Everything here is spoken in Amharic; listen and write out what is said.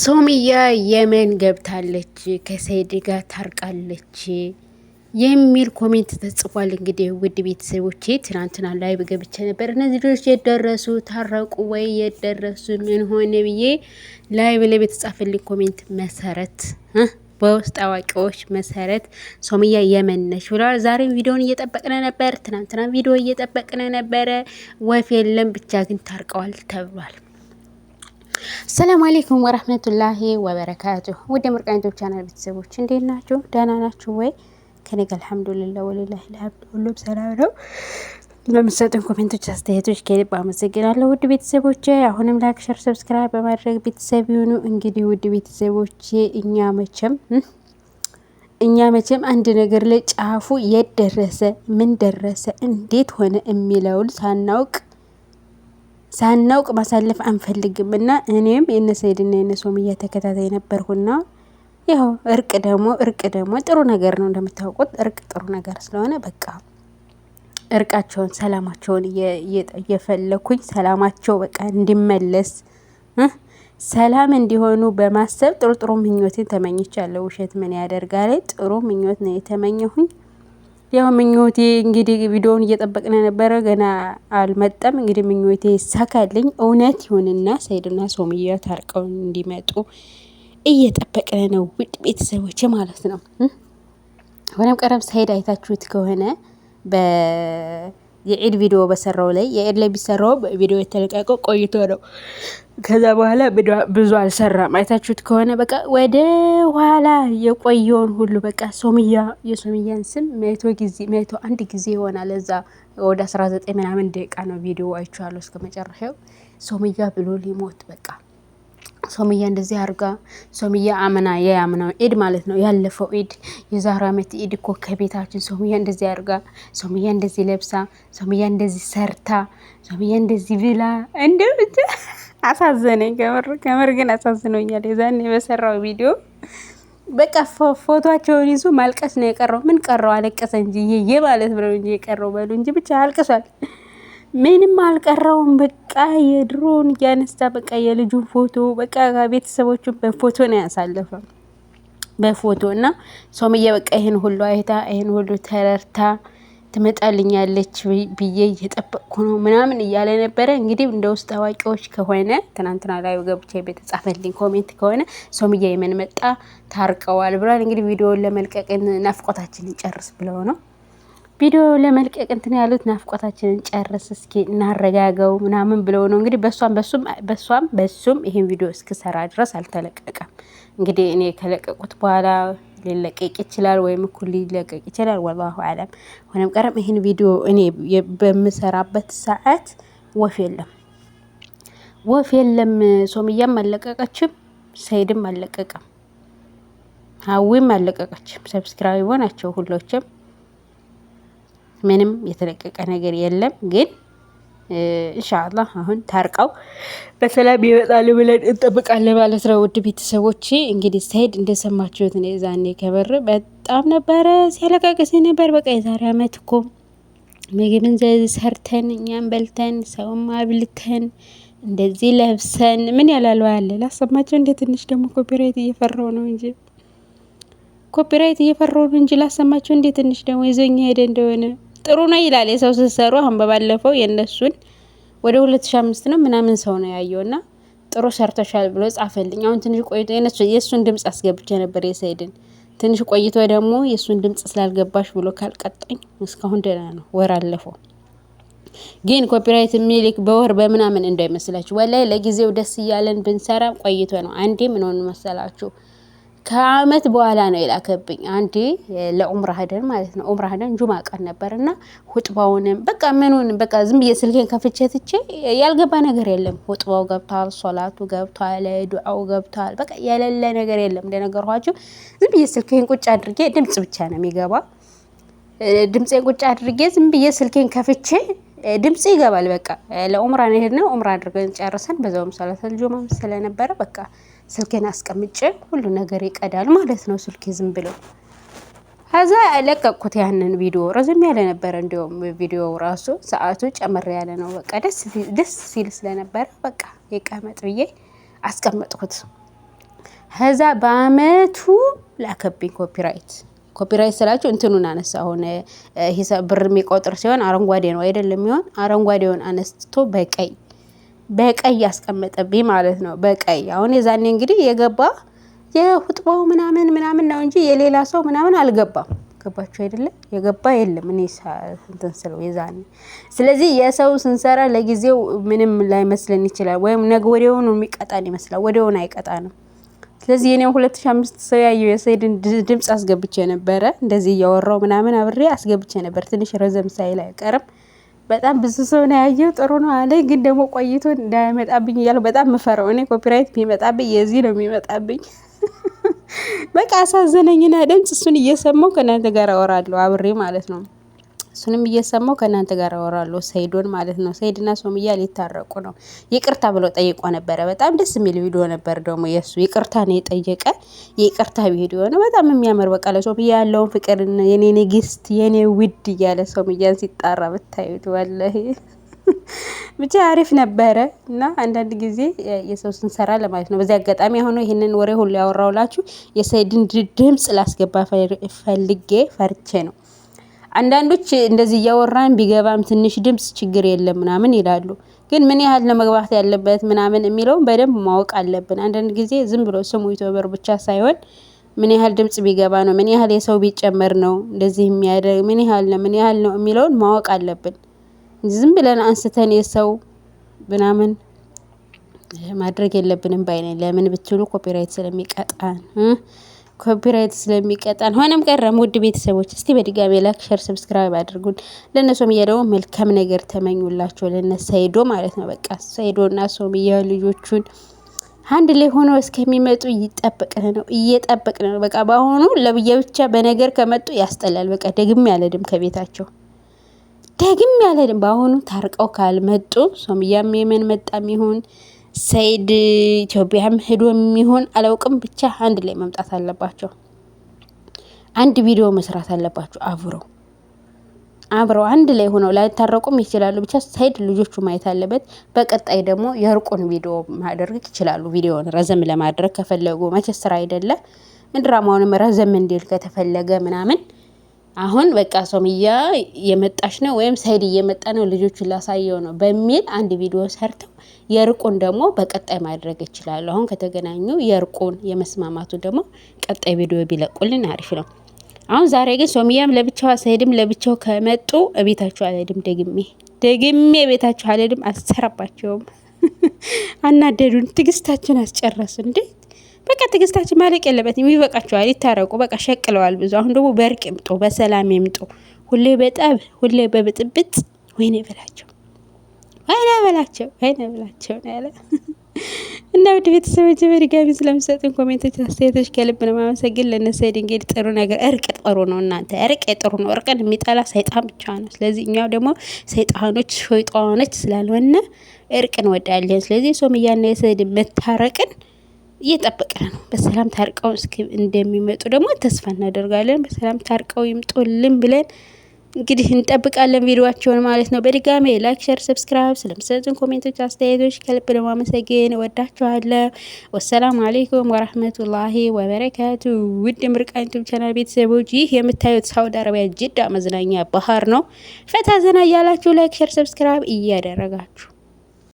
ሶምያ የመን ገብታለች ከሰይድ ጋር ታርቃለች የሚል ኮሜንት ተጽፏል። እንግዲህ ውድ ቤተሰቦቼ ትናንትና ላይ ገብቼ ነበር። እነዚህ ልጆች የደረሱ ታረቁ ወይ የደረሱ ምን ሆነ ብዬ ላይ ብለ የተጻፈልኝ ኮሜንት መሰረት በውስጥ አዋቂዎች መሰረት ሶምያ የመን ነች ብለዋል። ዛሬም ቪዲዮን እየጠበቅነ ነበር። ትናንትና ቪዲዮ እየጠበቅነ ነበረ። ወፍ የለም ብቻ ግን ታርቀዋል ተብሏል። አሰላሙ አሌይኩም ወረህመቱላሂ ወበረካቱ። ውድ ምርቃኝቶች ቻናል ቤተሰቦች እንዴት ናችሁ? ደህና ናችሁ ወይ? ከኔ ጋር አልሐምዱሊላህ ወሊላሂ ልሐምድ ሁሉም ሰላም ነው። ለምሰጡን ኮሜንቶች፣ አስተያየቶች ከልብ አመሰግናለሁ። ውድ ቤተሰቦቼ አሁንም ላይክ፣ ሸር፣ ሰብስክራይብ በማድረግ ቤተሰብ ይሁኑ። እንግዲህ ውድ ቤተሰቦቼ እኛ መቼም እኛ መቼም አንድ ነገር ላይ ጫፉ የት ደረሰ ምን ደረሰ እንዴት ሆነ የሚለውን ሳናውቅ ሳናውቅ ማሳለፍ አንፈልግም እና እኔም የነ ሰይድና የነ ሶምያ ተከታታይ ነበርኩና ያው እርቅ ደግሞ እርቅ ደግሞ ጥሩ ነገር ነው እንደምታውቁት፣ እርቅ ጥሩ ነገር ስለሆነ በቃ እርቃቸውን ሰላማቸውን እየፈለኩኝ ሰላማቸው በቃ እንዲመለስ ሰላም እንዲሆኑ በማሰብ ጥሩ ጥሩ ምኞትን ተመኝቻለሁ። ውሸት ምን ያደርጋል? ጥሩ ምኞት ነው የተመኘሁኝ። ያው ምኞቴ እንግዲህ ቪዲዮውን እየጠበቅን ነበረ ገና አልመጣም። እንግዲህ ምኞቴ ይሳካልኝ። እውነት ይሁንና ሰይድና ሶምያ ታርቀው እንዲመጡ እየጠበቅን ነው፣ ውድ ቤተሰቦች ማለት ነው። ሆነም ቀረም ሰይድ አይታችሁት ከሆነ በ የኢድ ቪዲዮ በሰራው ላይ የኢድ ላይ ቢሰራው ቪዲዮ የተለቀቀ ቆይቶ ነው። ከዛ በኋላ ብዙ አልሰራም። አይታችሁት ከሆነ በቃ ወደ ኋላ የቆየውን ሁሉ በቃ ሶምያ የሶምያን ስም መቶ ጊዜ መቶ አንድ ጊዜ ይሆናል። እዛ ወደ አስራ ዘጠኝ ምናምን ደቂቃ ነው ቪዲዮ አይቼዋለሁ እስከ መጨረሻው ሶምያ ብሎ ሊሞት በቃ ሶምያ እንደዚህ አርጋ ሶምያ አምና የያምናው ኢድ ማለት ነው ያለፈው ኢድ የዛሬ ዓመት ኢድ እኮ ከቤታችን ሶምያ እንደዚህ አርጋ ሶምያ እንደዚህ ለብሳ ሶምያ እንደዚህ ሰርታ ሶምያ እንደዚህ ብላ እንደ ብቻ አሳዘነኝ። ከምር ከምር ግን አሳዝኖኛል። የዛኔ በሰራው ቪዲዮ በቃ ፎቶቸውን ይዞ ማልቀስ ነው የቀረው። ምን ቀረው? አለቀሰ እንጂ ይሄ ማለት ነው እንጂ የቀረው በሉ እንጂ ብቻ አልቅሷል። ምንም አልቀረውም። በቃ የድሮን እያነሳ በቃ የልጁን ፎቶ በቃ ቤተሰቦቹን በፎቶ ነው ያሳለፈው በፎቶ እና ሶምዬ በቃ ይህን ሁሉ አይታ ይህን ሁሉ ተረርታ ትመጣልኛለች ብዬ እየጠበቅኩ ነው ምናምን እያለ ነበረ። እንግዲህ እንደ ውስጥ አዋቂዎች ከሆነ ትናንትና ላይ ገብቼ የተጻፈልኝ ኮሜንት ከሆነ ሶምዬ የመን መጣ ታርቀዋል ብሏል። እንግዲህ ቪዲዮውን ለመልቀቅ ናፍቆታችንን ጨርስ ብለው ነው ቪዲዮ ለመልቀቅ እንትን ያሉት ናፍቆታችንን ጨርስ እስኪ እናረጋገው ምናምን ብለው ነው እንግዲህ በሷም በሱም በሷም በሱም ይሄን ቪዲዮ እስክሰራ ድረስ አልተለቀቀም። እንግዲህ እኔ ከለቀቁት በኋላ ሊለቀቅ ይችላል ወይም እኩል ሊለቀቅ ይችላል። ወላሁ አለም ሆነም ቀረም ይህን ቪዲዮ እኔ በምሰራበት ሰዓት ወፍ የለም ወፍ የለም። ሶምያም አለቀቀችም፣ ሰይድም አለቀቀም፣ ሀዊም አለቀቀችም። ሰብስክራቢ ሆናቸው ሁሎችም ምንም የተለቀቀ ነገር የለም። ግን እንሻአላህ አሁን ታርቀው በሰላም ይመጣሉ ብለን እንጠብቃለን ማለት ነው። ውድ ቤተሰቦች እንግዲህ ሰኢድ እንደሰማችሁት ነው። የዛኔ ከበር በጣም ነበረ ሲያለቃቅስ ነበር። በቃ የዛሬ አመት እኮ ምግብን ሰርተን እኛም በልተን ሰውም አብልተን እንደዚህ ለብሰን ምን ያላለው አለ ላሰማቸው። እንደ ትንሽ ደግሞ ኮፒራይት እየፈራው ነው እንጂ ኮፒራይት እየፈራው ነው እንጂ ላሰማቸው። እንደ ትንሽ ደግሞ ይዞኛ ሄደ እንደሆነ ጥሩ ነው ይላል የሰው ስትሰሩ። አሁን በባለፈው የእነሱን ወደ ሁለት ሺ አምስት ነው ምናምን ሰው ነው ያየው ና ጥሩ ሰርተሻል ብሎ ጻፈልኝ። አሁን ትንሽ ቆይቶ የእሱን ድምጽ አስገብቼ ነበር የሰይድን። ትንሽ ቆይቶ ደግሞ የእሱን ድምጽ ስላልገባሽ ብሎ ካልቀጣኝ እስካሁን ደህና ነው፣ ወር አለፈው። ግን ኮፒራይት የሚልክ በወር በምናምን እንዳይመስላችሁ። ወላይ ለጊዜው ደስ እያለን ብንሰራ ቆይቶ ነው። አንዴ ምን ሆን መሰላችሁ ከአመት በኋላ ነው የላከብኝ። አንዴ ለኡምራ ሄደን ማለት ነው። ኡምራ ሄደን ጁማ ቀን ነበር ነበርና ሁጥባውንም በቃ ምኑንም በቃ ዝም ብዬ ስልኬን ከፍቼ ትቼ ያልገባ ነገር የለም። ሁጥባው ገብቷል፣ ሶላቱ ገብቷል፣ ዱዓው ገብቷል። በቃ የሌለ ነገር የለም። እንደነገርኋችሁ ዝም ብዬ ስልኬን ቁጭ አድርጌ ድምፅ ብቻ ነው የሚገባ። ድምፄን ቁጭ አድርጌ ዝም ብዬ ስልኬን ከፍቼ ድምፅ ይገባል። በቃ ለኡምራ ነው የሄድነው። ኡምራ አድርገን ጨርሰን በዛውም ሰላተል ጁማ ስለነበረ በቃ ስልኬን አስቀምጬ ሁሉ ነገር ይቀዳል ማለት ነው። ስልኬ ዝም ብሎ ከዛ ለቀቅኩት ያንን ቪዲዮ። ረዘም ያለ ነበረ እንዲሁም ቪዲዮው ራሱ ሰዓቱ ጨመር ያለ ነው። በቃ ደስ ሲል ስለነበረ በቃ ይቀመጥ ብዬ አስቀመጥኩት። ከዛ በአመቱ ላከብኝ ኮፒራይት። ኮፒራይት ስላችሁ እንትኑን አነሳ። አሁን ሂሳብ ብር የሚቆጥር ሲሆን አረንጓዴ ነው አይደለም ይሆን አረንጓዴውን አነስቶ በቀይ በቀይ አስቀመጠብኝ ማለት ነው። በቀይ አሁን የዛኔ እንግዲህ የገባ የሁጥባው ምናምን ምናምን ነው እንጂ የሌላ ሰው ምናምን አልገባም። ገባችሁ አይደለም? የገባ የለም። እኔ እንትን ስለው የዛኔ ስለዚህ የሰው ስንሰራ ለጊዜው ምንም ላይመስለን ይችላል፣ ወይም ነገ ወዲያውኑ የሚቀጣን ይመስላል። ወዲያውን አይቀጣንም። ስለዚህ የኔ ሁለት ሺህ አምስት ሰው ያየው የሰይድን ድምፅ አስገብቼ ነበረ። እንደዚህ እያወራው ምናምን አብሬ አስገብቼ ነበር። ትንሽ ረዘም ሳይል አይቀርም። በጣም ብዙ ሰው ነው ያየው። ጥሩ ነው አለ። ግን ደግሞ ቆይቶ እንዳይመጣብኝ እያለ በጣም ምፈረው እኔ ኮፒራይት የሚመጣብኝ የዚህ ነው የሚመጣብኝ። በቃ አሳዘነኝና ድምፅ እሱን እየሰማው ከእናንተ ጋር አወራለሁ አብሬ ማለት ነው። እሱንም እየሰማው ከእናንተ ጋር አወራለሁ። ሰይዶን ማለት ነው። ሰይድና ሶምያ ሊታረቁ ነው። ይቅርታ ብሎ ጠይቆ ነበረ። በጣም ደስ የሚል ቪዲዮ ነበር። ደግሞ የእሱ ይቅርታ ነው የጠየቀ የይቅርታ ቪዲዮ ነው። በጣም የሚያምር በቃ ለሶምያ ያለውን ፍቅር የኔ ንግስት፣ የኔ ውድ እያለ ሶምያን ሲጣራ ብታዩት ዋለህ ብቻ አሪፍ ነበረ እና አንዳንድ ጊዜ የሰው ስንሰራ ለማለት ነው። በዚህ አጋጣሚ አሁኑ ይህንን ወሬ ሁሉ ያወራውላችሁ የሰይድን ድምፅ ላስገባ ፈልጌ ፈርቼ ነው። አንዳንዶች እንደዚህ እያወራን ቢገባም ትንሽ ድምፅ ችግር የለም ምናምን ይላሉ። ግን ምን ያህል ለመግባት ያለበት ምናምን የሚለውን በደንብ ማወቅ አለብን። አንዳንድ ጊዜ ዝም ብሎ ስሙ ዩቲዩበር ብቻ ሳይሆን ምን ያህል ድምፅ ቢገባ ነው፣ ምን ያህል የሰው ቢጨመር ነው እንደዚህ የሚያደርግ፣ ምን ያህል ነው፣ ምን ያህል ነው የሚለውን ማወቅ አለብን። ዝም ብለን አንስተን የሰው ምናምን ማድረግ የለብንም ባይነን። ለምን ብትሉ ኮፒራይት ስለሚቀጣን ኮፒራይት ስለሚቀጣን ሆነም ቀረም ውድ ቤተሰቦች እስቲ በድጋሚ ላይክ፣ ሸር፣ ሰብስክራይብ አድርጉን። ለእነሱም እያ ደግሞ መልካም ነገር ተመኙላቸው ለነ ሰይዶ ማለት ነው። በቃ እና ሶምያ ልጆቹን አንድ ላይ ሆኖ እስከሚመጡ እየጠበቅን ነው እየጠበቅን ነው። በቃ በአሁኑ ለብያ ብቻ በነገር ከመጡ ያስጠላል። በቃ ደግም ያለድም ከቤታቸው ደግም ያለድም በአሁኑ ታርቀው ካልመጡ ሶምያም የመን መጣም ይሁን ሰይድ ኢትዮጵያም ሄዶ የሚሆን አላውቅም። ብቻ አንድ ላይ መምጣት አለባቸው። አንድ ቪዲዮ መስራት አለባቸው። አብረው አብረው አንድ ላይ ሆነው ላይታረቁም ይችላሉ። ብቻ ሰይድ ልጆቹ ማየት አለበት። በቀጣይ ደግሞ የእርቁን ቪዲዮ ማድረግ ይችላሉ። ቪዲዮን ረዘም ለማድረግ ከፈለጉ መቼ ስራ አይደለ ድራማውንም ረዘም እንዲል ከተፈለገ ምናምን አሁን በቃ ሶምያ የመጣች ነው ወይም ሰይድ እየመጣ ነው ልጆቹን ላሳየው ነው በሚል አንድ ቪዲዮ ሰርተው የእርቁን ደግሞ በቀጣይ ማድረግ ይችላሉ። አሁን ከተገናኙ የእርቁን የመስማማቱ ደግሞ ቀጣይ ቪዲዮ ቢለቁልን አሪፍ ነው። አሁን ዛሬ ግን ሶምያም ለብቻዋ ሰይድም ለብቻው ከመጡ እቤታችሁ አልሄድም፣ ደግሜ ደግሜ እቤታችሁ አልሄድም፣ አልሰራባቸውም። አናደዱን፣ ትግስታችን አስጨረሱን እንዴ! በቃ ትግስታችን ማለቅ የለበትም። ይበቃቸዋል፣ ይታረቁ፣ በቃ ሸቅለዋል ብዙ። አሁን ደግሞ በእርቅ ይምጡ፣ በሰላም ይምጡ። ሁሌ በጠብ ሁሌ በብጥብጥ ወይኔ በላቸው፣ ወይኔ በላቸው፣ ወይኔ በላቸው ነው ያለ እና ውድ ቤተሰቦች በድጋሚ ስለምሰጥን ኮሜንቶች፣ አስተያየቶች ከልብ ነው ማመሰግን። ለነሰድ እንግዲህ ጥሩ ነገር እርቅ ጥሩ ነው። እናንተ እርቅ ጥሩ ነው። እርቅን የሚጠላ ሰይጣን ብቻ ነው። ስለዚህ እኛው ደግሞ ሰይጣኖች ሸይጣኖች ስላልሆነ እርቅን ወዳለን። ስለዚህ ሶምያና የሰድ መታረቅን እየጠበቀ ነው። በሰላም ታርቀው እንደሚመጡ ደግሞ ተስፋ እናደርጋለን። በሰላም ታርቀው ይምጡልን ብለን እንግዲህ እንጠብቃለን ቪዲዮቸውን ማለት ነው። በድጋሜ ላይክ፣ ሸር፣ ሰብስክራይብ ስለምሰጡን ኮሜንቶች፣ አስተያየቶች ከልብ ለማመሰግን ወዳችኋለሁ። ወሰላም አሌይኩም ወራህመቱላሂ ወበረካቱ። ውድ ምርቃን ዩቱብ ቻናል ቤተሰቦች ይህ የምታዩት ሳውዲ አረቢያ ጅዳ መዝናኛ ባህር ነው። ፈታ ዘና እያላችሁ ላይክ፣ ሸር፣ ሰብስክራይብ እያደረጋችሁ